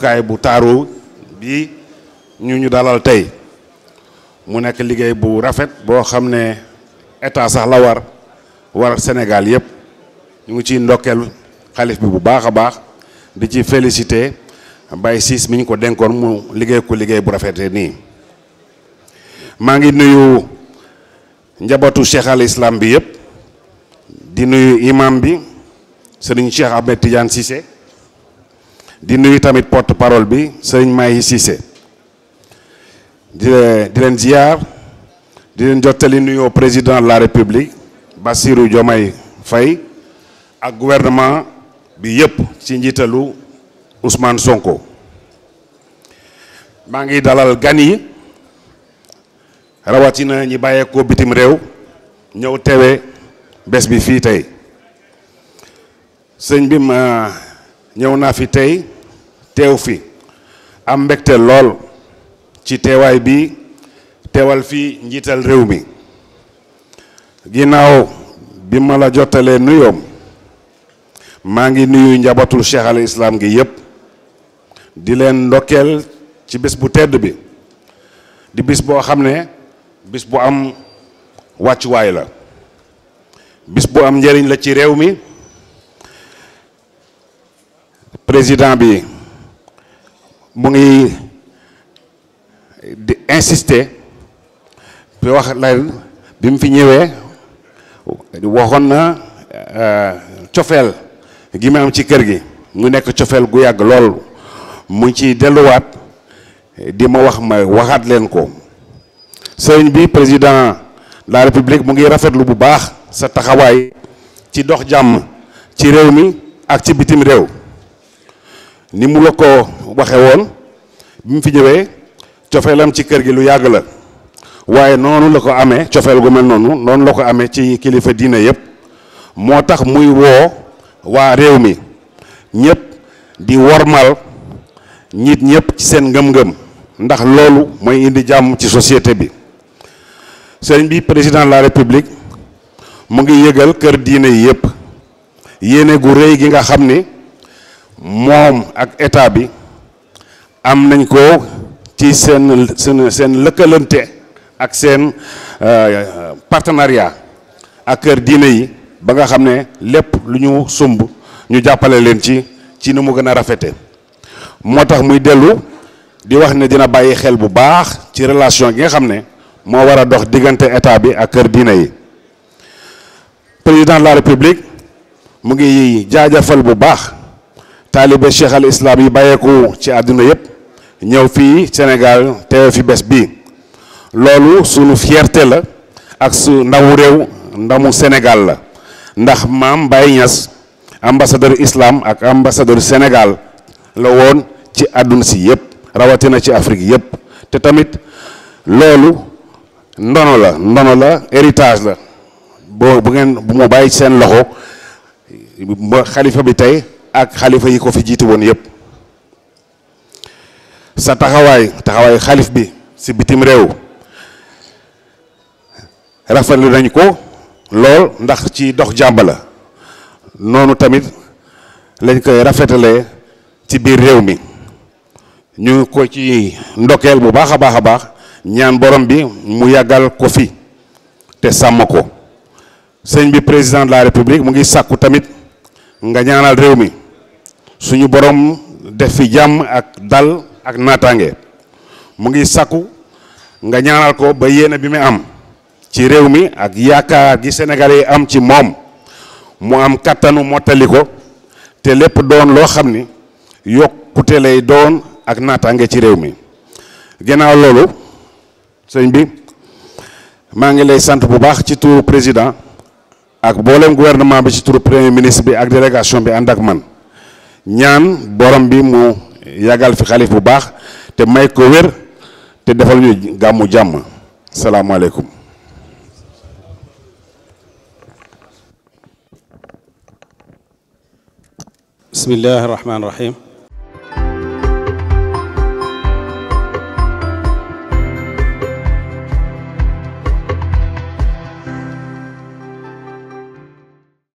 jàppukaay bu taaru bi ñu ñu dalal tey mu nekk liggéey bu rafet boo xam ne état sax la war war Sénégal yëpp ñu ngi ciy ndokkeel xalif bi bu baax a baax di ci félicité Baye Ciss mi ñu ko denkoon mu liggéey ko liggéey bu rafetee nii maa ngi nuyu njabootu cheikh islam bi yëpp di nuyu imam bi sëriñ Cheikh Ahmed Tidiane Cissé di nuyu tamit porte parole bi c'est une Cissé di di ziar di len jotali président de la république Bassirou Diomaye fay ak gouvernement bi yëpp ci Ousmane Sonko mangi ngi dalal gani, rawatina ñi ko bitim rew ñew teewe bés bi fi bi ma. ñëw naa fi tey teew fi am mbégte lool ci teewaay bi teewal fi njiital réew mi ginnaaw bi ma la jottalee nuyoom maa ngi nuyu njabatul cheikh al islam gi yépp di leen ndokkeel ci bis bu tedd bi di bis boo xam ne bis bu am wàccuwaay la bis bu am njëriñ la ci réew mi président bi mu insister bi wax leen bi mu fi ñëwee waxoon na euh, cofeel gi ma am ci kër gi mu nekk gu lool mu di ma wax ma waxaat ko bi président de la république mu ngi rafetlu bu baax sa taxawaay ci dox jàmm ci réew ak ci bitim ni mu la ko waxe woon bi mu fi ñëwee cofeelam ci kër gi lu yàgg la waaye noonu la ko amee cofeel gu mel noonu noonu la ko amee ci kilifa diina yëpp moo tax muy woo waa réew mi ñëpp di wormal nit ñëpp ci seen ngëm-ngëm ndax loolu mooy indi jàmm ci société bi sëriñ bi président la république mu ngi yëgal kër diina yi yëpp yéene gu rëy gi nga xam ni moom ak état bi am nañ ko ci seen seen seen lëkkalante ak seen euh, partenariat ak kër diine yi ba nga xam ne lépp lu ñu sumb ñu jàppale leen ci ci ni mu gën a rafete moo tax muy dellu di wax ne dina bàyyi xel bu baax ci relation gi nga xam ne moo war a dox diggante état bi ak kër diine yi président la république mu ngi jaajëfal bu baax taalibe cheikh al islam yi bàyyeeku ci àdduna yëpp ñëw fii Sénégal teewe fi bés bii loolu sunu fierté la ak su ndawu réew ndamu Sénégal la ndax maam Baye Niass ambassadeur islam ak ambassadeur Sénégal la woon ci àdduna si yëpp rawatina ci Afrique yëpp te tamit loolu ndono la ndono la héritage la boo bu ngeen bu mu bàyyi seen loxo xalifa bi tey ak xalifa yi ko fi jiitu woon yëpp sa taxawaay taxawaay xalif bi si bitim réew rafetlu nañ ko lool ndax ci dox jàmba la noonu tamit lañ koy rafetale ci biir réew mi ñu ko ci ndokeel bu baax a baax a baax ñaan borom bi mu yàggal ko fi te sàmm ko sëñ bi président de la république mu ngi sàkku tamit nga ñaanal réew mi suñu borom def fi jam ak dal ak natangé mu ngi sakku nga ñaanal ko ba yéene bi mi am ci réew mi ak yaakaar gi sénégalais am ci mom mu am katanu mottali ko te lépp doon lo xamni ni yokkute lay doon ak natangé ci réew mi gënaaw lolu sëñ bi ma ngi lay sant bu baax ci tour président ak bolem gouvernement bi ci tour premier ministre bi ak délégation bi andak man ñaan borom bi mu yàggal fi xalif bu baax te may ko wér te defal ñu gàmmu jàmm salaamaaleykum bismillahi rahmaani rahim